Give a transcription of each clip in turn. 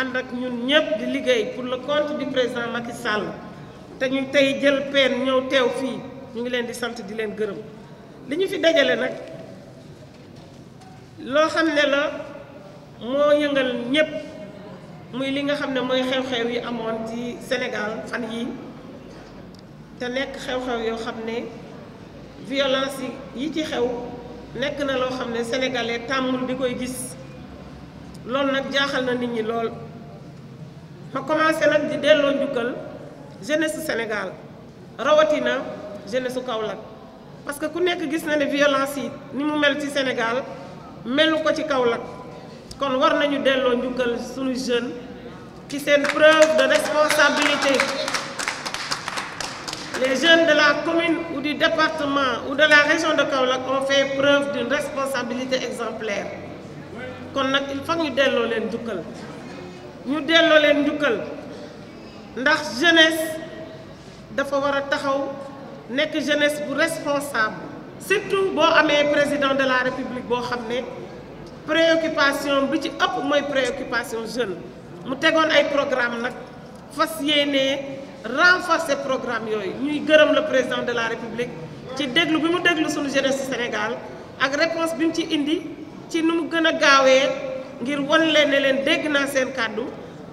ànd ak ñun ñëpp di liggéey pour le compte du président Macky Sall te ñu tey jël pen ñëw teew fii ñu ngi leen di sant di leen gërëm li ñu fi dajale nag loo xam ne la moo yëngal ñëpp muy li nga xam ne mooy xew-xew yi amoon ci Sénégal fan yi te nekk xew-xew yoo xam ne violence yi ci xew nekk na loo xam ne sénégalais tàmmul di koy gis loolu nag jaaxal na nit ñi lool ma commencé nak di delloo njukkal jeunesse Sénégal rawatina jeunesse au Kaolack parce que ku nek gis na né violence yi ni mu mel ci Sénégal melu ko ci Kaolack kon war nañu delloo des suñu jeune sont une preuve de responsabilité les jeunes de la commune ou du département ou de la région de Kaolack ont fait preuve d'une responsabilité exemplaire kon il faut ñu delloo nous disons que la ndax jeunesse dafa war taxaw nekk jeunesse bu responsable surtout président de la république boo que les préoccupation bi ci préoccupations préoccupation jeune mu tegoon ay programme nous fas renforcer programme nous ñuy le président de la république ci déglu bi la jeunesse suñu jeunesse Sénégal la réponse est mu nous indi ci ngir won leen ne leen dégg naa seen kàddu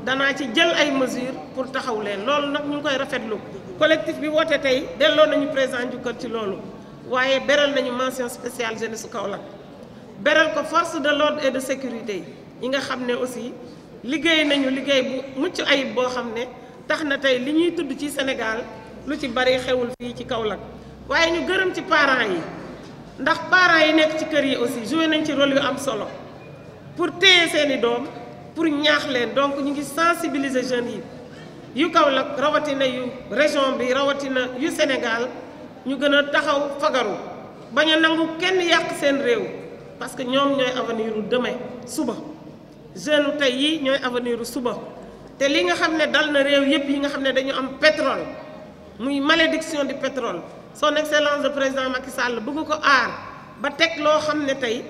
danaa ci jël ay mesures pour taxaw leen loolu nag ñu ngi koy rafetlu collectif bi woote tey delloo nañu président njukkal ci loolu waaye beral nañu mention spéciale jeunesse Kaolack beral ko force de l'ordre de sécurité yi nga xam ne aussi liggéey nañu liggéey bu mucc ayib boo xam ne tax na tey li ñuy tudd ci Sénégal lu ci bari xewul fii ci Kaolack waaye ñu gërëm ci parents yi ndax parents yi nekk ci kër yi aussi joué nañ ci rôle yu am solo pour téye seeni doom pour ñaax leen donc ñu ngi sensibiliser jeunes yi yu lag rawatina yu région bi rawatina yu Sénégal ñu gën a taxaw fagaru bañ a nangu kenn yàq seen réew parce que ñoom ñooy avenir u demain suba jeunes u tey yi ñooy avenir suba te li nga xam ne dal na réew yëpp yi nga xam ne dañu am pétrole muy malédiction du pétrole son excellence le président Macky Sall bëgg ko aar ba teg loo xam ne tey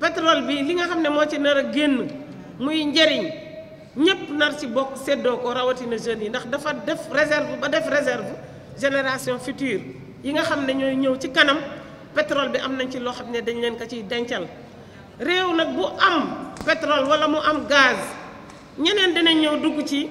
pétrole bi li nga xam ne moo ci nar a génn muy njëriñ ñëpp nar ci bokk séddoo ko rawatina jeunes yi ndax dafa def réserve ba def réserve génération future yi nga xam ne ñooy ñëw ci kanam pétrole bi am nañ ci loo xam ne dañ leen ko ciy dencal. réew nag bu am pétrole walla mu am gaz ñeneen dinañ ñëw dugg ci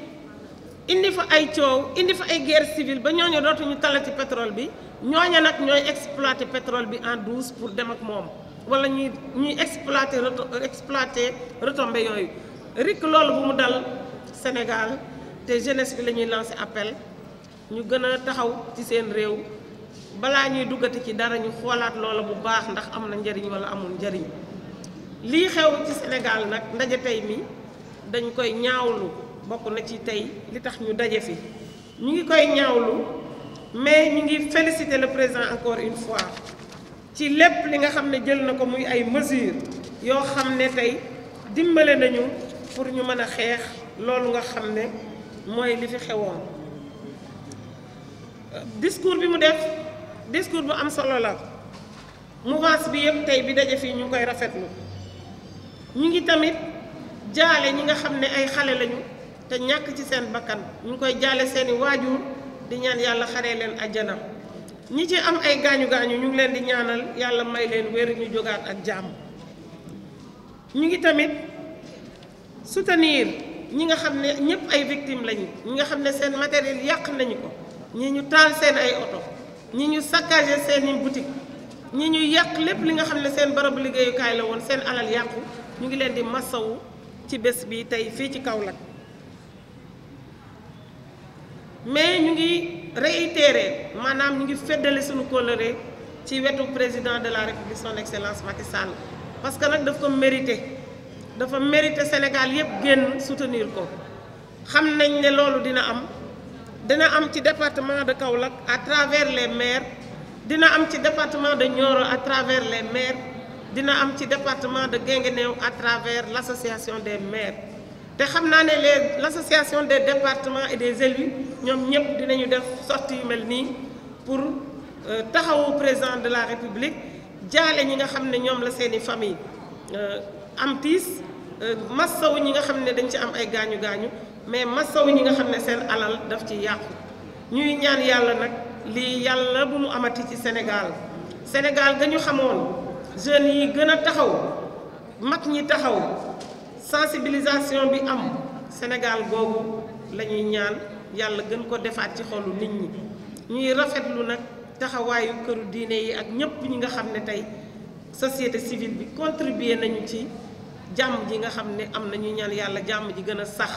indi fa ay coow indi fa ay guerre civile ba ñooñu dootuñu talati pétrole bi ñooña nag ñooy exploiter petrole bi en douce pour dem ak moom. wala ñi ñi exploiter exploiter retombées yoyu rek loolu bu mu dal Sénégal té jeunesse bi lañuy lancer appel ñu gëna taxaw ci seen réew balaa ñuy duggati ci dara ñu xoolaat loolu bu baax ndax am na njëriñ wala amul njëriñ li xew ci Sénégal nak ndaje tay mi dañ koy ñaawlu bokku na ci tay li tax ñu dajé fi ñu ngi koy ñaawlu mais ñu ngi féliciter le président encore une fois ci lépp li nga xam ne jël na ko muy ay mesures yoo xam ne tey dimbale nañu pour ñu mën a xeex loolu nga xam ne mooy li fi xewoon discours bi mu def discours bu am solo la mouvance bi yëpp tey bi daje fii ñu koy rafet lu ñu ngi tamit jaale ñi nga xam ne ay xale lañu te ñàkk ci seen bakkan ñu koy jaale seeni waajur di ñaan yàlla xaree leen àjjana ñi ci am ay gaañu gaañu ñu ngi leen di ñaanal yàlla may leen wér ñu jógaat ak jàmm ñu ngi tamit soutenir ñi nga xam ne ñëpp ay victimes lañu ñi nga xam ne seen matériel yàq nañu ko ñi ñu taal seen ay oto ñi ñu saccagé seeni boutique ñi ñu yàq lépp li nga xam ne seen barabu liggéeyukaay la woon seen alal yàqu ñu ngi leen di masawu ci bés bi tey fii ci Kaolack mais ñu ngi. réitéré maanaam ñu ngi feddale suñu kóllëre ci wetu président de la république son excellence Macky Sall parce que nag daf ko mérité dafa mérité Sénégal yëpp génn soutenir ko xam nañ ne loolu dina am dina am ci département de Kaolack à travers les maires dina am ci département de Nioro à travers les maires dina am ci département de Guinguinéo à travers l' association des maires te xam naa l'association des départements et des élus ñoom ñëpp dinañu def sortie yu pour nii pour euh, taxawu président de la république jaale ñi nga xam ne ñoom la seeni famille euh, am tiis euh, massawu ñi nga xam ne dañ ci am ay gaañu gaañu mais massawu ñi nga xam ne seen alal daf ci yàqu ñuy ñaan yàlla nag li yalla bu mu amati ci Sénégal Sénégal ga xamone jeune yi gën taxaw mag ñi taxaw. sensibilisation bi am Sénégal googu lañuy ñaan yàlla gën ko defaat ci xolu nit ñi ñuy rafetlu nag taxawaayu këru diine yi ak ñépp ñi nga xam ne tey société civile bi contribuer nañu ci jàmm ji nga xam ne am na ñu ñaan yàlla jàmm ji gën a sax